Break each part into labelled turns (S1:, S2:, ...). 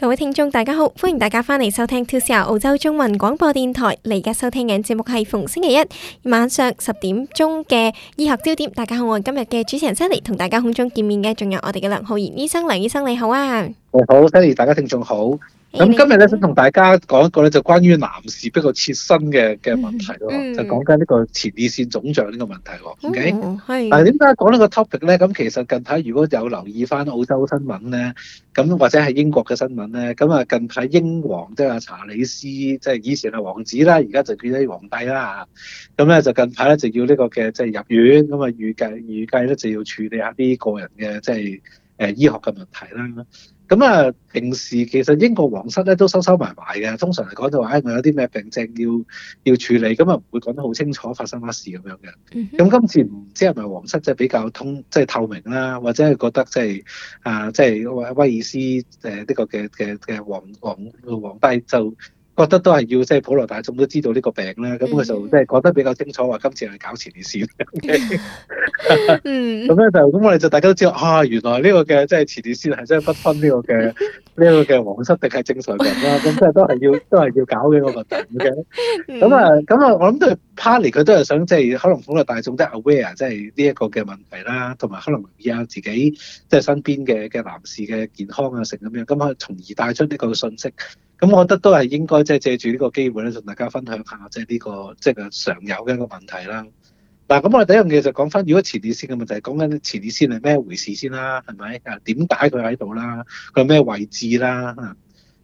S1: 各位聽眾大家好，歡迎大家翻嚟收聽 2CR 澳洲中文廣播電台。嚟家收聽嘅節目係逢星期一晚上十點鐘嘅醫學焦點。大家好，我係今日嘅主持人 Sally 同大家空中見面嘅，仲有我哋嘅梁浩然醫生。梁醫生你好啊，
S2: 誒好，Sally，大家聽眾好。咁今日咧想同大家講一個咧，就關於男士比較切身嘅嘅問題咯，哦，mm hmm。就講緊呢個前列腺腫脹呢個問題喎。O K，係。
S3: 嗱，點解
S2: 講呢個 topic 咧？咁其實近排如果有留意返澳洲新聞咧，咁或者係英國嘅新聞咧，咁啊近排英皇，即係查理斯，即係以前係王子啦，而家就變咗皇帝啦。咁咧就近排咧就要呢個嘅即係入院，咁啊預計預計咧就要處理一啲個人嘅即係誒醫學嘅問題啦。咁啊，平時其實英國皇室咧都收收埋埋嘅，通常嚟講就話，唉，我有啲咩病症要要處理，咁啊唔會講得好清楚發生乜事咁樣嘅。咁今次唔知係咪皇室即係比較通，即係透明啦，或者係覺得即係啊，即係威威爾斯誒呢個嘅嘅嘅皇皇皇皇帝就。覺得都係要即係普羅大眾都知道呢個病咧，咁佢、嗯、就即係覺得比較清楚話，今次係搞前列腺。咁咧就咁， 啊、我哋就大家都知道啊，原來呢、呢個嘅即係前列腺係真係不分呢個嘅呢、呢個嘅皇室定係正常人啦。咁即係都係要都係要搞呢個問題，咁啊咁啊，我諗對。party 佢都係想即係可能鼓勵大眾都係 aware 即係呢一個嘅問題啦，同埋可能留意下自己即係身邊嘅嘅男士嘅健康啊成咁樣，咁可以從而帶出呢個信息。咁我覺得都係應該即係借住呢個機會咧，同大家分享下即係呢個即係常有嘅一個問題啦。嗱，咁我哋第一樣嘢就講翻，如果前列腺嘅問題，講緊前列腺係咩回事先啦？係咪啊？點解佢喺度啦？佢咩位置啦？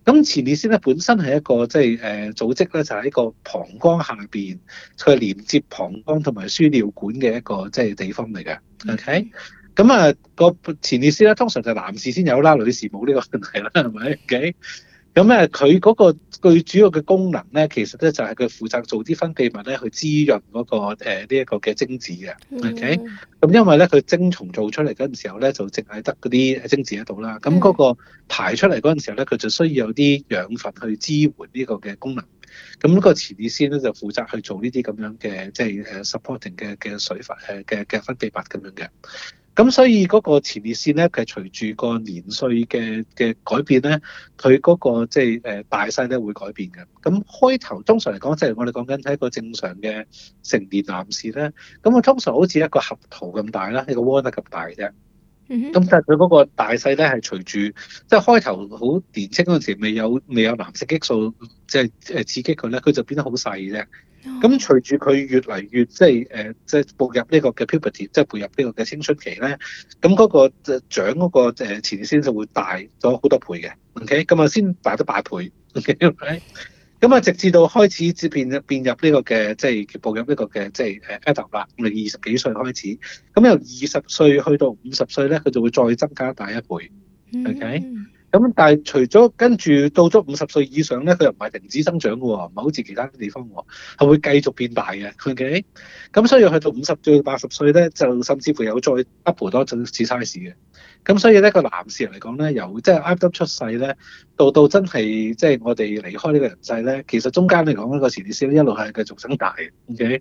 S2: 咁前列腺咧本身係一個即係誒組織咧，就喺、係、個膀胱下邊，佢連接膀胱同埋輸尿管嘅一個即係、就係、地方嚟嘅。OK，咁啊、mm hmm. 呃嗰個前列腺咧通常就男士先有啦，女士冇呢個問題啦，係 咪？OK。咁誒，佢嗰個最主要嘅功能咧，其實咧就係佢負責做啲分泌物咧去滋潤嗰個誒呢一個嘅精子嘅。OK. 咁因為咧佢精蟲做出嚟嗰陣時候咧就淨係得嗰啲精子喺度啦，咁嗰個排出嚟嗰陣時候咧佢就需要有啲養分去支援呢個嘅功能。咁個前列腺咧就負責去做呢啲咁樣嘅，即係誒 supporting 嘅嘅水份誒嘅嘅分泌物咁樣嘅。咁所以嗰個前列腺咧，其實隨住個年歲嘅嘅改變咧，佢嗰個即係誒大細咧會改變嘅。咁開頭通常嚟講，即係我哋講緊喺一個正常嘅成年男士咧，咁啊通常好似一個合桃咁大啦，一個 walnut 咁大啫。咁、
S3: mm hmm. 但
S2: 係佢嗰個大細咧係隨住即係開頭好年青嗰陣時，未有未有男性激素即係誒刺激佢咧，佢就變得好細嘅啫。咁、嗯、隨住佢越嚟越即係誒，即、呃、係、就是、步入呢個嘅 puberty 即係步入呢個嘅青春期咧。咁、那、嗰個誒長嗰個誒前線就會大咗好多倍嘅。OK，咁啊先大咗八倍。OK，咁啊直至到開始接變，變入入、這、呢個嘅，即、就、係、是、步入呢個嘅，即係誒 adult 啦。我哋二十幾歲開始，咁由二十歲去到五十歲咧，佢就會再增加大一倍。OK 嗯嗯。咁但係除咗跟住到咗五十歲以上咧，佢又唔係停止增長嘅喎、哦，唔係好似其他地方喎、哦，係會繼續變大嘅。佢嘅。咁所以去到五十到八十歲咧，就甚至乎有再 double 多一次 size 嘅。咁所以咧，個男士嚟講咧，由即係挨到出世咧，到到真係即係我哋離開呢個人世咧，其實中間嚟講咧，個前列腺一路係繼續增大嘅。O K。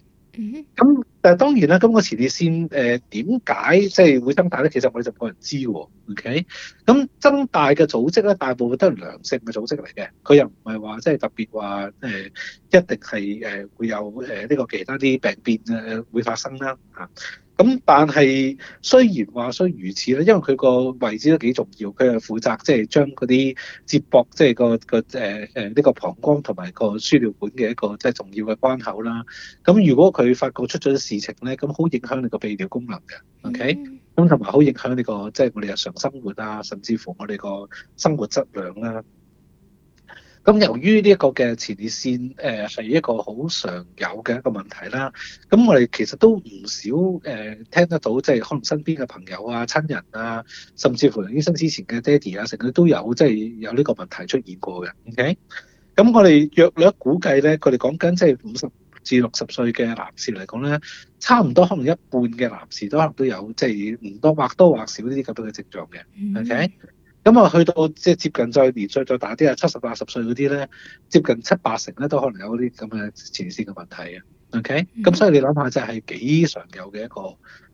S2: 咁，嗯、但係當然啦，今個前列腺誒點解即係會增大咧？其實我哋就冇人知喎。OK，咁增大嘅組織咧，大部分都係良性嘅組織嚟嘅，佢又唔係話即係特別話誒、呃，一定係誒、呃、會有誒呢、呃呢個其他啲病變啊、呃、會發生啦嚇。啊。咁但係雖然話雖如此咧，因為佢個位置都幾重要，佢係負責即係將嗰啲接駁，即係個個誒誒呢個膀胱同埋個輸尿管嘅一個即係重要嘅關口啦。咁如果佢發覺出咗事情咧，咁好影響你個泌尿功能嘅，OK？咁同埋好影響呢個即係我哋日常生活啊，甚至乎我哋個生活質量啦。咁由於呢、呃、一個嘅前列腺，誒係一個好常有嘅一個問題啦。咁我哋其實都唔少誒、呃、聽得到，即係可能身邊嘅朋友啊、親人啊，甚至乎醫生之前嘅爹哋啊，成日都有即係有呢個問題出現過嘅。OK，咁我哋約略估計咧，佢哋講緊即係五十至六十歲嘅男士嚟講咧，差唔多可能一半嘅男士都可能都有、嗯、即係唔多或多或少呢啲咁嘅症狀嘅。OK、嗯。咁啊，去到即係接近再年歲再大啲啊，七十、八十歲嗰啲咧，接近七八成咧都可能有啲咁嘅前列腺嘅問題嘅，OK？咁、嗯、所以你諗下就係、是、幾常有嘅一個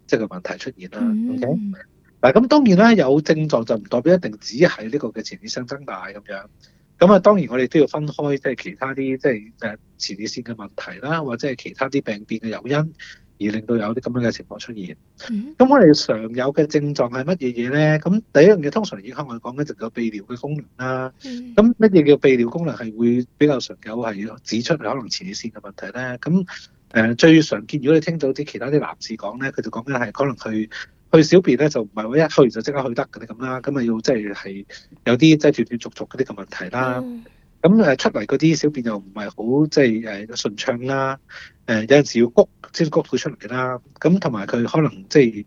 S2: 即係、就是、個問題出現啦，OK？嗱、嗯，咁當然啦，有症狀就唔代表一定只係呢個嘅前列腺增大咁樣，咁啊當然我哋都要分開即係其他啲即係誒前列腺嘅問題啦，或者係其他啲病變嘅誘因。而令到有啲咁樣嘅情況出現，咁、嗯、我哋常有嘅症狀係乜嘢嘢咧？咁第一樣嘢通常影響我哋講緊就有泌尿嘅功能啦。咁乜嘢叫泌尿功能係會比較常有係指出可能前列腺嘅問題咧？咁誒最常見如果你聽到啲其他啲男士講咧，佢就講緊係可能去去小便咧就唔係話一去就即刻去得嘅咁啦，咁啊要即係係有啲即係斷斷續續嗰啲嘅問題啦。嗯咁誒出嚟嗰啲小便又唔係好即係誒順暢啦，誒有陣時要谷，先谷佢出嚟啦。咁同埋佢可能即係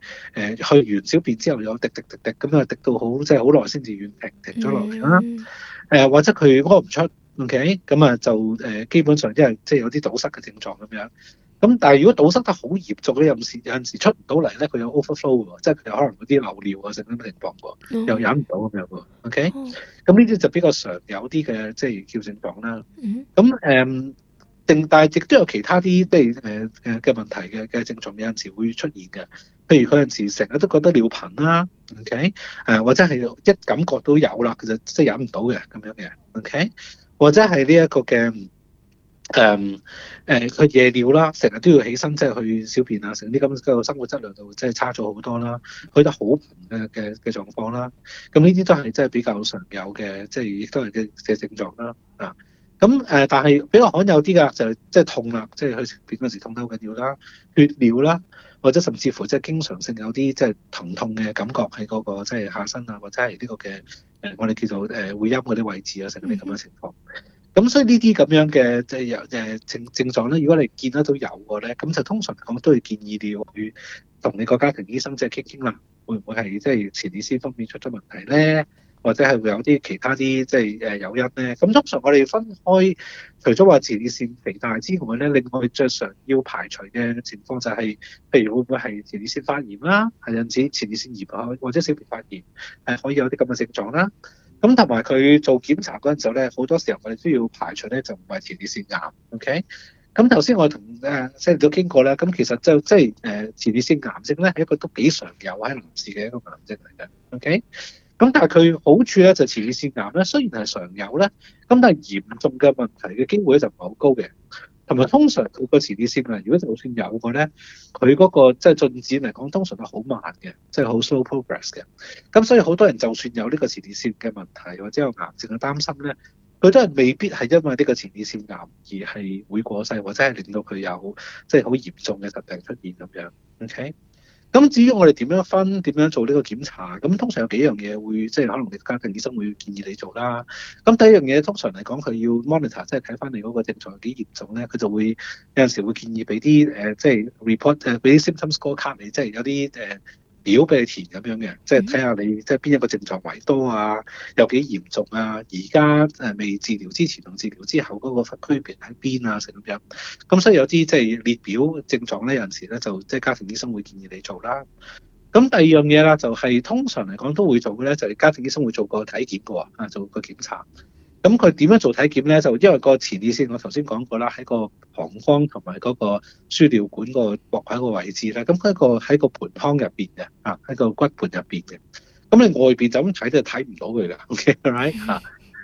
S2: 誒去完小便之後又滴滴滴滴咁啊滴到好即係好耐先至完停停咗落嚟啦。誒或者佢屙唔出，OK 咁啊就誒基本上即係即係有啲堵塞嘅症狀咁樣。咁但係如果堵塞得好嚴重嘅，有陣時有陣時出唔到嚟咧，佢有 overflow 喎，即係佢可能嗰啲漏尿啊，成啲咁情況喎，又飲唔到忍唔到咁樣喎。OK，咁呢啲就比較常有啲嘅，即係叫症狀啦。咁誒、嗯，定、嗯、但係亦都有其他啲，即係誒誒嘅問題嘅嘅症狀，有陣時會出現嘅。譬如佢有時成日都覺得尿頻啦，OK，誒、呃、或者係一感覺都有啦，其實即係忍唔到嘅咁樣嘅。OK，或者係呢一個嘅。誒誒，佢、um, 呃、夜尿啦，成日都要起身即係去小便啊，成啲咁嘅生活質量度即係差咗好多啦，去得好頻嘅嘅嘅狀況啦。咁呢啲都係即係比較常有嘅，即係亦都係嘅嘅症狀啦。啊，咁誒，但係比較罕有啲㗎就係即係痛啦，即係去小便嗰時痛得好緊要啦，血尿啦，或者甚至乎即係經常性有啲即係疼痛嘅感覺喺嗰、那個即係下身啊，或者係呢個嘅誒、呃，我哋叫做誒會陰嗰啲位置啊，成啲咁嘅情況。Mm hmm. 咁所以呢啲咁樣嘅即係有誒症症狀咧，如果你見得到有嘅咧，咁就通常我都會建議你要去同你個家庭醫生即係傾傾啦，會唔會係即係前列腺方面出咗問題咧？或者係會有啲其他啲即係誒誘因咧？咁通常我哋分開，除咗話前列腺肥大之外咧，另外著常要排除嘅情況就係、是，譬如會唔會係前列腺發炎啦，係因此前列腺炎啊，或者小便發炎，係可以有啲咁嘅症狀啦。咁同埋佢做檢查嗰陣時候咧，好多時候我哋都要排除咧，就唔係前列腺癌，OK？咁頭先我同誒西尼都傾過啦，咁其實就即係誒前列腺癌症咧係一個都幾常有喺男士嘅一個癌症嚟嘅，OK？咁但係佢好處咧就前列腺癌咧雖然係常有咧，咁但係嚴重嘅問題嘅機會就唔係好高嘅。同埋通常佢個前列腺癌，如果就算有個咧，佢嗰、那個即係、就是、進展嚟講，通常係好慢嘅，即係好 slow progress 嘅。咁所以好多人就算有呢個前列腺嘅問題或者有癌症嘅擔心咧，佢都係未必係因為呢個前列腺癌而係會過世或者係令到佢有即係好嚴重嘅疾病出現咁樣。OK。咁至於我哋點樣分，點樣做呢個檢查？咁通常有幾樣嘢會，即係可能你家庭醫生會建議你做啦。咁第一樣嘢通常嚟講，佢要 monitor，即係睇翻你嗰個症狀幾嚴重咧，佢就會有陣時會建議俾啲誒，即係 report，誒、呃、俾啲 symptom score card，你，即係有啲誒。表俾你填咁樣嘅，即係睇下你即係邊一個症狀位多啊，有幾嚴重啊，而家誒未治療之前同治療之後嗰個區別喺邊啊，成咁樣。咁所以有啲即係列表症狀咧，有陣時咧就即係家庭醫生會建議你做啦。咁第二樣嘢啦、就是，就係通常嚟講都會做嘅咧，就係家庭醫生會做過體檢噶，啊做個檢查。咁佢點樣做體檢咧？就因為個前列腺，我頭先講過啦，喺個膀胱同埋嗰個輸尿管個鑊喺個位置咧。咁佢個喺個盆腔入邊嘅，啊喺個骨盆入邊嘅。咁你外邊就咁睇都係睇唔到佢嘅，OK right？咁、mm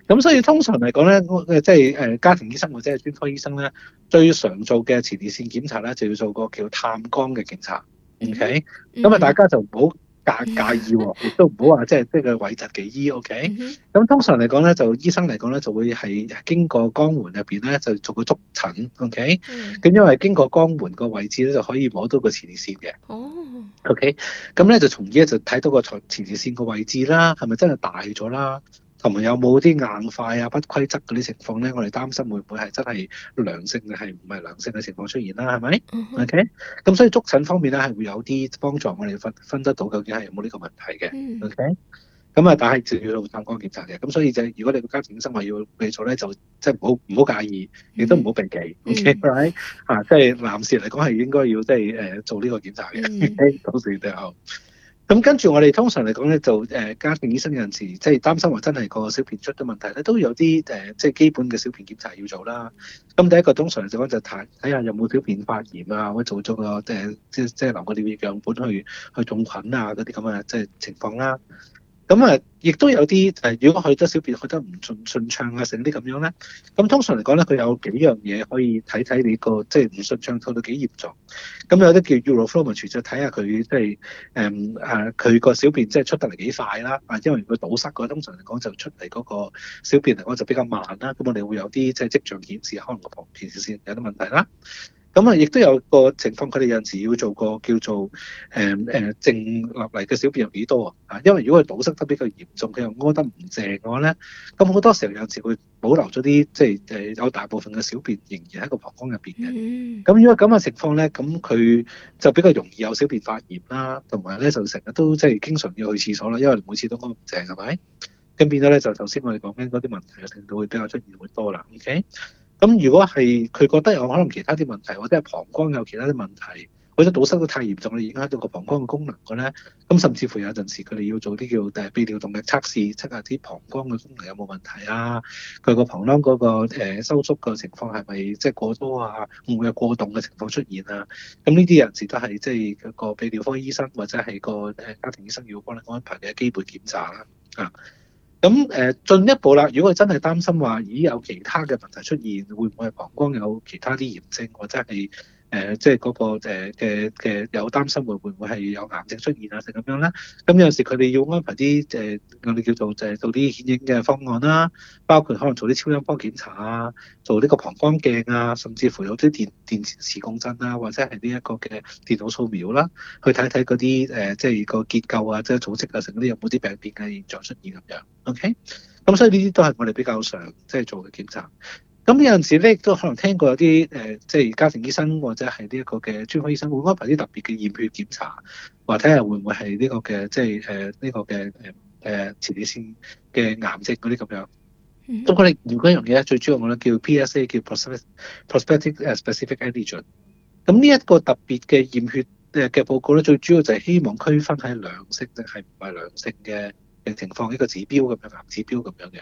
S2: hmm. 所以通常嚟講咧，即係誒家庭醫生或者係專科醫生咧，最常做嘅前列腺檢查咧，就要做個叫探光嘅檢查。OK，咁啊、mm hmm. mm hmm. 大家就唔好介意，亦都唔好話即係即係個偉雜嘅醫，OK？咁、mm hmm. 通常嚟講咧，就醫生嚟講咧，就會係經過肛門入邊咧，就做個觸診，OK？咁、mm hmm. 因為經過肛門個位置咧，就可以摸到個前列腺嘅。哦，OK？咁咧、mm hmm. 就從而咧就睇到個前前列腺個位置啦，係咪真係大咗啦？同埋有冇啲硬塊啊、不規則嗰啲情況咧，我哋擔心會唔會係真係良性嘅，係唔係良性嘅情況出現啦？係咪？OK，咁所以觸診方面咧係會有啲幫助我，我哋分分得到究竟係有冇呢個問題嘅。OK，咁啊，但係仲要到三高檢查嘅，咁所以就如果你個家庭醫生話要去做咧，就即係唔好唔好介意，亦都唔好避忌。OK，係咪啊？即係男士嚟講係應該要即係誒做呢個檢查嘅。OK，都算得咁跟住我哋通常嚟講咧，就誒、呃、家庭醫生有陣時即係擔心話真係個小便出啲問題咧，都有啲誒、呃、即係基本嘅小便檢查要做啦。咁第一個通常嚟講就睇睇下有冇小便發炎啊，或者做咗個，誒、呃、即係即係留個尿液樣本去去種菌啊，嗰啲咁嘅即係情況啦。咁啊，亦都有啲誒，如果去得小便，去得唔順順暢啊，成啲咁樣咧。咁通常嚟講咧，佢有幾樣嘢可以睇睇你個即係唔順暢到到幾嚴重。咁、嗯、有啲叫 uroflowmetry，就睇下佢即係誒誒，佢、嗯、個小便即係出得嚟幾快啦。啊，因為佢堵塞個，通常嚟講就出嚟嗰個小便嚟講就比較慢啦。咁我哋會有啲即係跡象顯示，可能個膀胱尿線有啲問題啦。咁啊，亦都有個情況，佢哋有時要做個叫做誒誒剩落嚟嘅小便有幾多啊？啊，因為如果佢堵塞得比較嚴重，佢又屙得唔淨嘅話咧，咁好多時候有時會保留咗啲即係誒有大部分嘅小便仍然喺個膀胱入邊嘅。咁如果咁嘅情況咧，咁佢就比較容易有小便發炎啦，同埋咧就成日都即係經常要去廁所啦，因為每次都屙唔淨係咪？咁變咗咧就頭先我哋講緊嗰啲問題嘅程度會比較出現會多啦。OK。咁如果係佢覺得有可能其他啲問題，或者係膀胱有其他啲問題，或者堵塞得太嚴重，你而家個膀胱嘅功能嘅咧，咁甚至乎有陣時佢哋要做啲叫誒泌尿動力測試，測下啲膀胱嘅功能有冇問題啊，佢個膀胱嗰個收縮嘅情況係咪即係過多啊，會唔會過動嘅情況出現啊？咁呢啲人士都係即係個泌尿科醫生或者係個誒家庭醫生要幫你安排嘅基本檢查啦，啊。咁誒、呃、進一步啦，如果佢真係擔心話，咦有其他嘅問題出現，會唔會係膀胱有其他啲炎症，或者係，誒，即係嗰個嘅嘅有擔心會唔會係有癌症出現啊，成咁樣啦。咁有時佢哋要安排啲誒，我哋叫做就係做啲顯影嘅方案啦，包括可能做啲超音波檢查啊，做呢個膀胱鏡啊，甚至乎有啲電電磁共振啊，或者係呢一個嘅電腦掃描啦，去睇睇嗰啲誒，即係個結構啊，即係組織啊，成啲有冇啲病變嘅現象出現咁樣。OK，咁所以呢啲都係我哋比較常即係做嘅檢查。.咁有陣時咧，亦都可能聽過有啲誒，即係家庭醫生或者係呢一個嘅專科醫生會安排啲特別嘅驗血檢查，話睇下會唔會係呢個嘅即係誒呢個嘅誒誒前列腺嘅癌症嗰啲咁樣。咁佢哋驗嗰樣嘢咧，最主要我咧叫 PSA 叫 prostate，prostate specific antigen 咁呢一個特別嘅驗血誒嘅報告咧，最主要就係希望區分係良性定係唔係良性嘅嘅情況一個指標咁樣，癌指標咁樣嘅。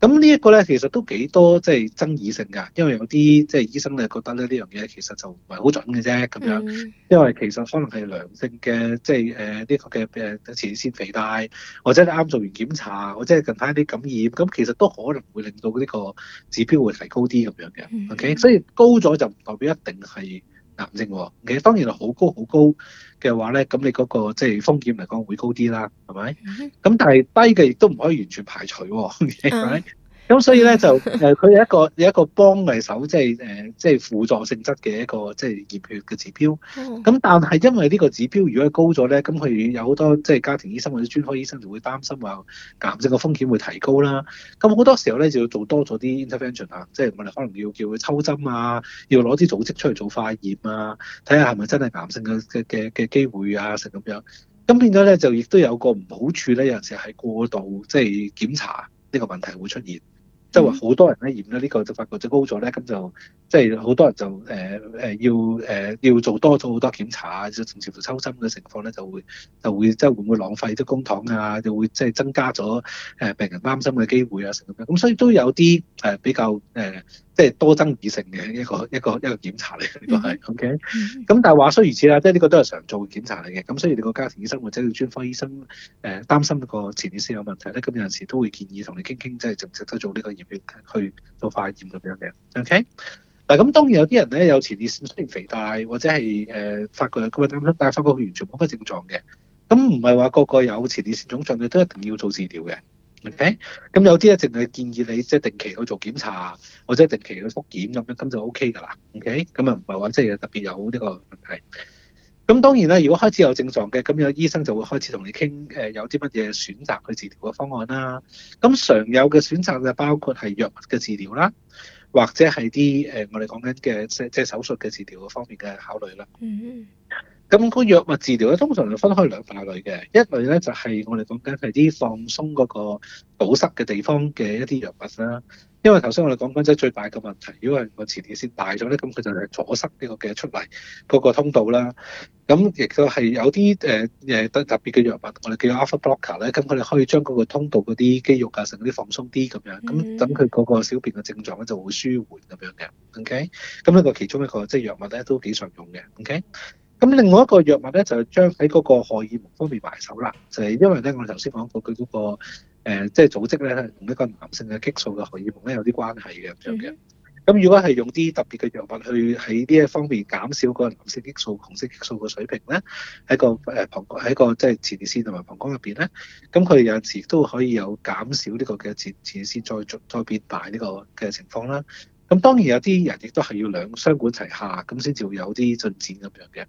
S2: 咁呢一個咧，其實都幾多即係爭議性㗎，因為有啲即係醫生咧覺得咧呢樣嘢其實就唔係好準嘅啫咁樣，mm. 因為其實可能係良性嘅，即係誒呢個嘅誒前列腺肥大，或者你啱做完檢查，或者近排啲感染，咁其實都可能會令到呢個指標會提高啲咁樣嘅，O K，所以高咗就唔代表一定係癌症喎，其實當然係好高好高嘅話咧，咁你嗰、個即係、即係、風險嚟講會高啲啦，係咪？咁、mm hmm. 但係低嘅亦都唔可以完全排除喎，係咪？Mm hmm. 咁所以咧就誒，佢有一個有一個幫嘅手，即係誒，即、呃、係、就是、輔助性質嘅一個即係驗血嘅指標。咁、嗯、但係因為呢個指標如果高咗咧，咁佢有好多即係、就是、家庭醫生或者專科醫生就會擔心話癌症嘅風險會提高啦。咁好多時候咧就要做多咗啲 intervention 啊，即係我哋可能要叫佢抽針啊，要攞啲組織出嚟做化驗啊，睇下係咪真係癌症嘅嘅嘅機會啊，成咁樣。咁變咗咧就亦都有個唔好處咧，有陣時係過度即係、就是、檢查呢個問題會出現。即係話好多人咧驗咗呢個，就發覺高就高咗咧，咁就即係好多人就誒誒、呃呃、要誒、呃、要做多咗好多檢查啊，就甚至乎抽針嘅情況咧，就會就會即係會唔會浪費啲公帑啊？就會即係增加咗誒病人擔心嘅機會啊，成咁樣。咁所以都有啲誒比較誒。呃即係多爭議性嘅一個一個一個檢查嚟嘅呢都係，OK。咁但係話雖如此啦，即係呢個都係常做嘅檢查嚟嘅。咁所以你個家庭醫生或者個專科醫生誒、呃、擔心個前列腺有問題咧，咁有陣時都會建議同你傾傾，即係值唔值得做呢個驗血去到化驗咁樣嘅，OK。嗱咁當然有啲人咧，有前列腺雖然肥大或者係誒發覺有咁嘅擔心，但係發覺佢完全冇乜症狀嘅。咁唔係話個個有前列腺腫脹嘅都一定要做治療嘅。O K，咁有啲咧淨係建議你即係定期去做檢查，或者定期去復檢咁樣，咁就 O K 噶啦。O K，咁啊唔係話即係特別有呢個問題。咁當然啦，如果開始有症狀嘅，咁有醫生就會開始同你傾，誒有啲乜嘢選擇去治療嘅方案啦。咁常有嘅選擇就包括係藥物嘅治療啦，或者係啲誒我哋講緊嘅即係即係手術嘅治療嘅方面嘅考慮啦。嗯。咁個藥物治療咧，通常就分開兩大類嘅。一類咧就係、是、我哋講緊係啲放鬆嗰個堵塞嘅地方嘅一啲藥物啦。因為頭先我哋講緊即係最大嘅問題，如果係個前列腺大咗咧，咁佢就係阻塞呢個嘅出嚟嗰個通道啦。咁亦都係有啲誒誒特別嘅藥物，我哋叫 alpha blocker 咧，咁佢哋可以將嗰個通道嗰啲肌肉啊，成啲放鬆啲咁樣。咁等佢嗰個小便嘅症狀咧就會舒緩咁樣嘅。OK，咁呢個其中一個即係、就是、藥物咧都幾常用嘅。OK。咁另外一個藥物咧，就係、是、將喺嗰個荷爾蒙方面埋手啦，就係、是、因為咧，我頭先講過佢、那、嗰個即係、呃就是、組織咧，同一個男性嘅激素嘅荷爾蒙咧有啲關係嘅咁樣。咁、嗯、如果係用啲特別嘅藥物去喺呢一方面減少個男性激素、雄性激素嘅水平咧，喺個誒膀喺個即係前列腺同埋膀胱入邊咧，咁佢有陣時都可以有減少呢個嘅前前列腺再再變大呢個嘅情況啦。咁當然有啲人亦都係要雙管齊下，咁先至會有啲進展咁樣嘅。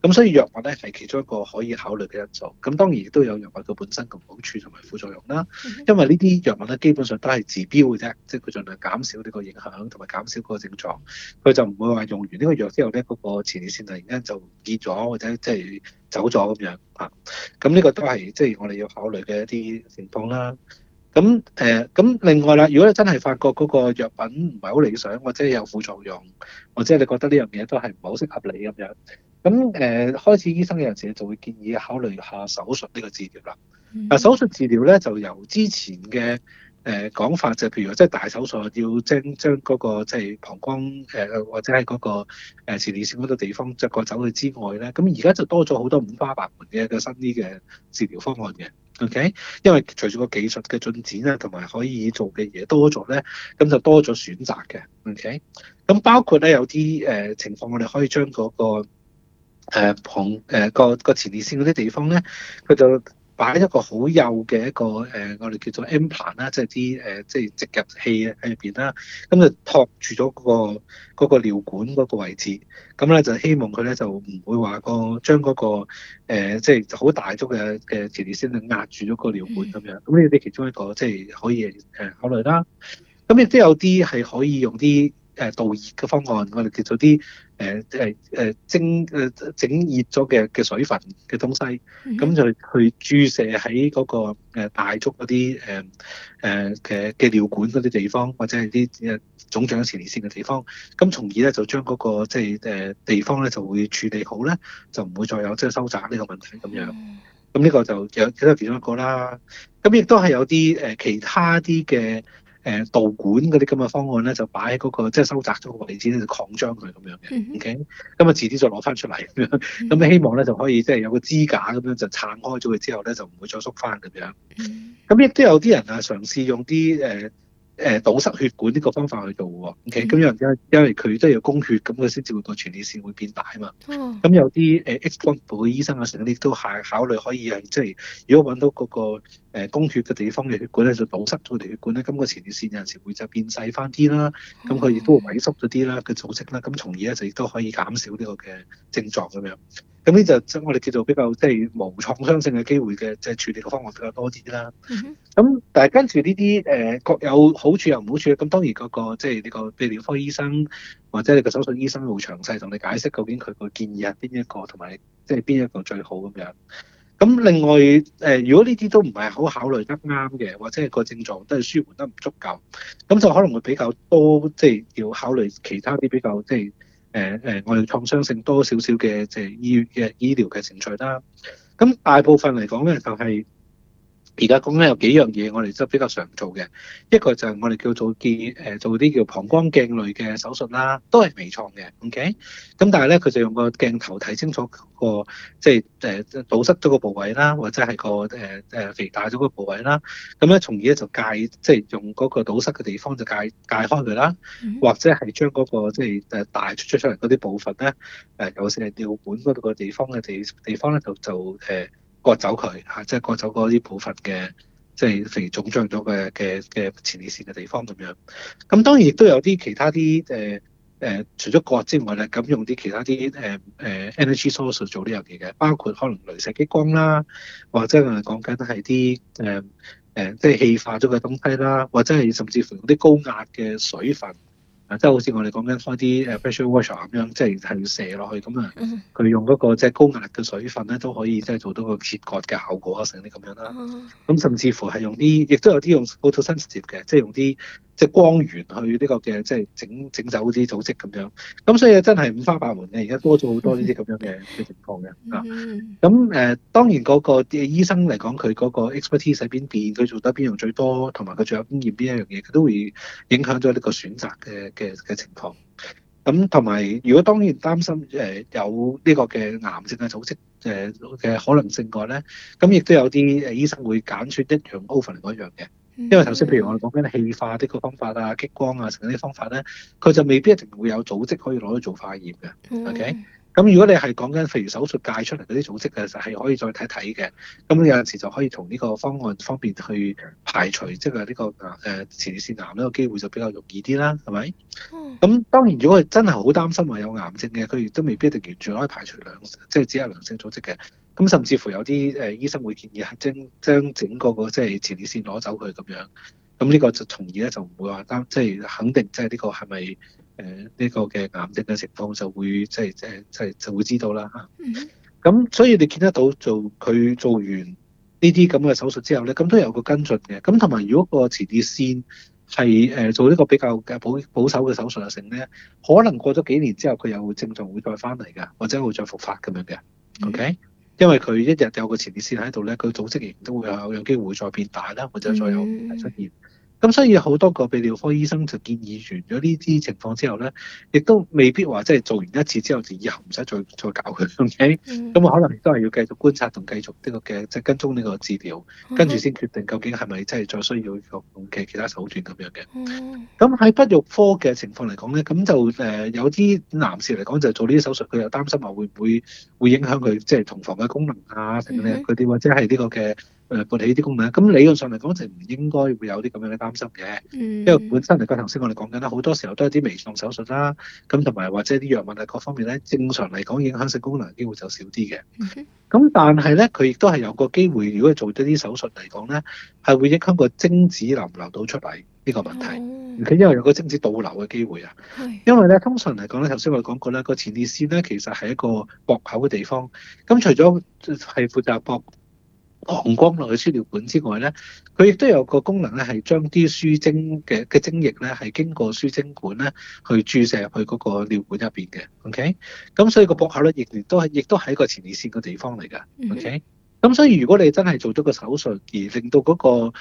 S2: 咁所以藥物咧係其中一個可以考慮嘅因素。咁當然亦都有藥物佢本身嘅好處同埋副作用啦。因為呢啲藥物咧基本上都係治標嘅啫，即係佢盡量減少呢個影響同埋減少個症狀。佢就唔會話用完呢個藥之後咧，嗰個前列腺突然間就唔見咗或者即係走咗咁樣啊。咁呢個都係即係我哋要考慮嘅一啲情況啦。咁誒，咁另外啦，如果你真係發覺嗰個藥品唔係好理想，或者有副作用，或者你覺得呢樣嘢都係唔好適合你咁樣，咁誒、呃、開始醫生有陣時就會建議考慮下手術呢個治療啦。嗱、嗯，手術治療咧就由之前嘅。誒，講法就係譬如話，即係大手術要將將嗰個即係膀胱誒，或者係嗰個前列腺嗰個地方，即係割走佢之外咧，咁而家就多咗好多五花八門嘅個新啲嘅治療方案嘅，OK？因為隨住個技術嘅進展啊，同埋可以做嘅嘢多咗咧，咁就多咗選擇嘅，OK？咁包括咧，有啲誒，情況，我哋可以將嗰個膀，誒個個前列腺嗰啲地方咧，佢就～擺一個好幼嘅一個誒、呃，我哋叫做 implant 啦，即係啲誒，即係植入器喺入邊啦。咁就托住咗嗰、嗰個嗰個尿管嗰個位置。咁咧就希望佢咧就唔會話、個將嗰個即係好大嚿嘅嘅前列腺壓住咗個尿管咁樣。咁呢啲其中一個即係可以誒考慮啦。咁亦都有啲係可以用啲，誒導熱嘅方案，我哋叫做啲誒誒誒蒸誒整熱咗嘅嘅水分嘅東西，咁、嗯、哼就去注射喺嗰個大足嗰啲誒誒嘅嘅尿管嗰啲地方，或者係啲誒腫脹前列腺嘅地方，咁從而咧就將嗰、那個即係誒地方咧就會處理好咧，就唔會再有即係、就是、收窄呢個問題咁樣。咁呢、嗯、個就有其中一個啦。咁亦都係有啲誒其他啲嘅。誒導管嗰啲咁嘅方案咧，就擺喺嗰個即係收窄咗個位置咧就擴張佢咁樣嘅，OK，咁啊遲啲再攞翻出嚟咁樣，咁你希望咧就可以即係有個支架咁樣就撐開咗佢之後咧就唔會再縮翻咁樣。咁亦都有啲人啊嘗試用啲誒誒堵塞血管呢個方法去做喎，OK，咁有人因為因為佢都係要供血，咁佢先至會個前列腺會變大啊嘛。咁、哦、有啲誒 x 光部嘅醫生啊，成啲都係考慮可以係即係如果揾到嗰、那個。誒供、呃、血嘅地方嘅血管咧就堵塞咗哋血管咧，咁個前列腺有陣時會就變細翻啲啦，咁佢亦都萎縮咗啲啦，佢組織啦，咁、嗯、從而咧就亦都可以減少呢個嘅症狀咁樣。咁呢就即我哋叫做比較即係、就是、無創傷性嘅機會嘅，即、就、係、是、處理嘅方法比較多啲啦。咁、嗯、但係跟住呢啲誒各有好處又唔好處，咁當然嗰、那個即係呢個泌尿科醫生或者你個手術醫生會詳細同你解釋究竟佢個建議係邊一個，同埋即係邊一個最好咁樣。咁另外誒、呃，如果呢啲都唔係好考慮得啱嘅，或者係個症狀都係舒緩得唔足夠，咁就可能會比較多，即係要考慮其他啲比較即係誒誒外來創傷性多少少嘅即係醫嘅、呃、醫療嘅程序啦。咁大部分嚟講咧就係。而家講緊有幾樣嘢，我哋即係比較常做嘅，一個就係我哋叫做建誒做啲叫膀胱鏡類嘅手術啦，都係微創嘅，OK。咁但係咧，佢就用個鏡頭睇清楚、個即係誒堵塞咗個部位啦，或者係、個誒誒、呃、肥大咗個部位啦。咁咧，從而咧就解即係用嗰個堵塞嘅地方就解解開佢啦，mm hmm。或者係將嗰個即係誒大出出出嚟嗰啲部分咧，誒、呃、尤其是尿管嗰度個地方嘅地地方咧就就誒。就呃割走佢嚇，即係割走嗰啲部分嘅，即係肥日腫脹咗嘅嘅嘅前列腺嘅地方咁樣。咁當然亦都有啲其他啲誒誒，除咗割之外咧，咁用啲其他啲誒誒 energy source 做呢樣嘢嘅，包括可能雷射激光啦，或者係講緊係啲誒誒，即係氣化咗嘅東西啦，或者係甚至乎啲高壓嘅水分。啊，即係好似我哋講緊開啲誒 pressure washer 咁樣，即係係要射落去咁樣，咁啊、mm，佢、hmm. 哋用嗰、那個即係、就是、高壓力嘅水分咧，都可以即係、就是、做到個切割嘅效果啊，成啲咁樣啦。咁、mm hmm. 甚至乎係用啲，亦都有啲用 photo sensitive 嘅，即係、就是、用啲。即光源去呢、這個嘅即係整整走啲組織咁樣，咁所以真係五花八門嘅，而家多咗好多呢啲咁樣嘅嘅情況嘅。
S3: 啊，
S2: 咁誒、呃、當然嗰個醫生嚟講，佢嗰個 expertise 喺邊邊，佢做得邊樣最多，同埋佢最有經驗邊一樣嘢，佢都會影響咗呢個選擇嘅嘅嘅情況。咁同埋如果當然擔心誒有呢個嘅癌症嘅組織誒嘅可能性過咧，咁亦都有啲誒醫生會揀出一樣 over 另一樣嘅。
S3: 因為頭先譬如我哋
S2: 講緊氣化啲個方法啊、激光啊，成嗰啲方法咧，佢就未必一定會有組織可以攞去做化驗嘅。O K. 咁如果你係講緊譬如手術界出嚟嗰啲組織嘅，就係、是、可以再睇睇嘅。咁有陣時就可以從呢個方案方面去排除，即係呢個誒前列腺癌呢個機會就比較容易啲啦，係咪？咁當然，如果真係好擔心話有癌症嘅，佢亦都未必一定完全可以排除良，即係只有良性組織嘅。咁甚至乎有啲誒醫生會建議係將將整個個即係前列腺攞走佢咁樣，咁呢個從就從而咧就唔會話擔即係肯定即係呢個係咪誒呢個嘅癌症嘅情況就會即係誒即係就會知道啦嚇。咁、mm hmm. 所以你見得到做佢做完呢啲咁嘅手術之後咧，咁都有個跟進嘅。咁同埋如果個前列腺係誒做呢個比較嘅保保守嘅手術嘅性咧，可能過咗幾年之後佢有症狀會再翻嚟㗎，或者會再復發咁樣嘅。Mm hmm. O、okay? K. 因為佢一日有個前列腺喺度咧，佢組織型都會有有機會再變大啦，或者再有問題出現。Mm hmm. 咁所以好多個泌尿科醫生就建議完咗呢啲情況之後咧，亦都未必話即係做完一次之後就以後唔使再再搞佢，咁、okay? 樣、mm。咁、hmm. 我可能亦都係要繼續觀察同繼續呢、這個嘅即係跟蹤呢個治療，跟住先決定究竟係咪真係再需要用嘅其他手段咁樣嘅。咁喺、mm hmm. 不育科嘅情況嚟講咧，咁就誒有啲男士嚟講就做呢啲手術，佢又擔心話會唔會會影響佢即係同房嘅功能啊，剩嗰啲或者係呢個嘅。誒，我哋呢啲功能，咁理論上嚟講，就唔應該會有啲咁樣嘅擔心嘅。因為本身嚟講，頭先我哋講緊啦，好多時候都有啲微創手術啦，咁同埋或者啲藥物啊各方面咧，正常嚟講，影響性功能嘅機會就少啲嘅。咁但係咧，佢亦都係有個機會，如果做咗啲手術嚟講咧，係會影響個精子流唔流到出嚟呢個問題。佢因為有個精子倒流嘅機會啊。因為咧，通常嚟講咧，頭先我哋講過咧，個前列腺咧其實係一個駁口嘅地方。咁除咗係負責駁膀胱落去輸尿管之外咧，佢亦都有個功能咧，係將啲輸精嘅嘅精液咧，係經過輸精管咧，去注射入去嗰個尿管入邊嘅。OK，咁所以個入口咧，亦都係亦都喺個前列腺個地方嚟㗎。OK、嗯。咁所以如果你真係做咗個手術，而令到嗰、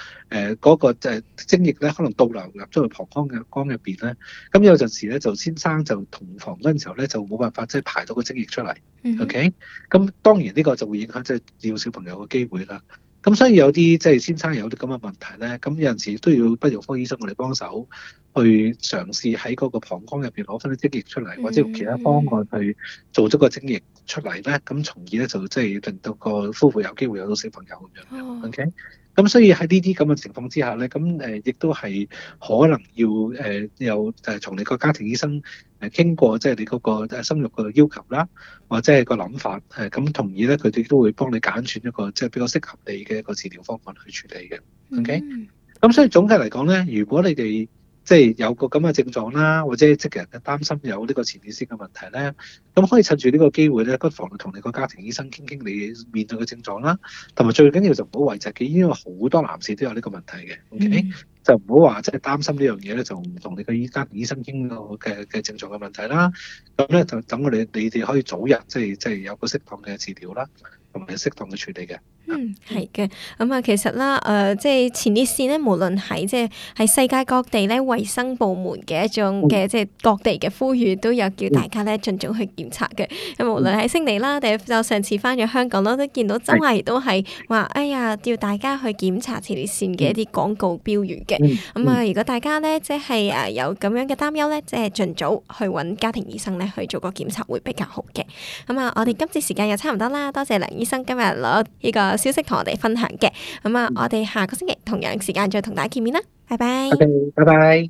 S2: 嗰個誒即係精液咧，可能倒流入咗去膀胱嘅胱入邊咧，咁有陣時咧就先生就同房嗰陣時候咧就冇辦法即係排到個精液出嚟、mm hmm.，OK？咁當然呢個就會影響即係要小朋友嘅機會啦。咁所以有啲即係先生有啲咁嘅問題咧，咁有陣時都要泌尿科醫生嚟幫手，去嘗試喺嗰個膀胱入邊攞翻啲精液出嚟，嗯、或者用其他方案去做咗個精液出嚟咧，咁從而咧就即係令到個夫婦有機會有到小朋友咁樣。哦、o、okay? k 咁所以喺呢啲咁嘅情況之下咧，咁誒亦都係可能要誒有誒從你個家庭醫生誒傾過，即係你嗰個生育個要求啦，或者係個諗法誒咁同意咧，佢哋都會幫你揀選一個即係比較適合你嘅一個治療方案去處理嘅，OK？咁、嗯、所以總體嚟講咧，如果你哋，即係有個咁嘅症狀啦，或者即係人嘅擔心有呢個前列腺嘅問題咧，咁可以趁住呢個機會咧，不妨同你個家庭醫生傾傾你面對嘅症狀啦，同埋最緊要就唔好諱疾嘅，因為好多男士都有呢個問題嘅，OK？嗯、就唔好話即係擔心呢樣嘢咧，就同你嘅家庭醫生傾嘅嘅症狀嘅問題啦，咁咧就等我哋你哋可以早日即係即係有個適當嘅治療啦，同埋適當嘅處理嘅。
S1: 嗯，係嘅。咁、嗯、啊，其實啦，誒、呃，即係前列腺咧，無論喺即係喺世界各地咧，衞生部門嘅一種嘅即係各地嘅呼籲，都有叫大家咧盡早去檢查嘅。咁無論喺悉尼啦，定係上次翻咗香港啦，都見到周圍都係話，哎呀，要大家去檢查前列腺嘅一啲廣告標語嘅。咁啊、嗯嗯嗯，如果大家咧即係誒有咁樣嘅擔憂咧，即係盡早去揾家庭醫生咧去做個檢查會比較好嘅。咁、嗯、啊，我哋今次時間又差唔多啦，多謝梁醫生今日攞呢個。消息同我哋分享嘅，咁啊，我哋下個星期同樣時間再同大家見面啦，拜拜。
S2: 拜
S3: 拜。